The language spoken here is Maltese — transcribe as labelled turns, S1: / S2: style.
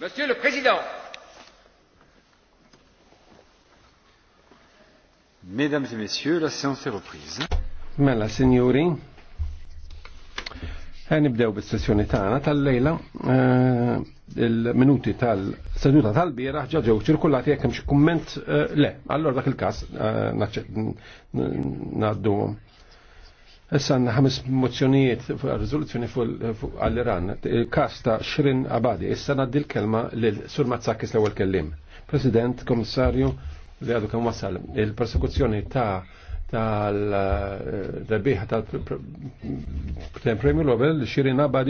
S1: Monsieur le Président.
S2: Mesdames et messieurs, la séance est reprise.
S3: Mela, signori, eh, nibdew bis-sessjoni tagħna tal-lejla. Eh, il-minuti tal-seduta tal-bieraħ ġa ġew ċirkulati jekk hemm xi kumment eh, le, allora dak il-każ naħdduhom. Sanna ħames mozzjonijiet fuq rizoluzzjoni fuq għall-Iran, kasta ta' Abadi, issa naddi l-kelma l-Sur Mazzakis l-ewwel kellim. President, Komissarju, li għadu kam wasal, il-persekuzzjoni ta' tal-rebiħa tal premier Lobel Shirin Abadi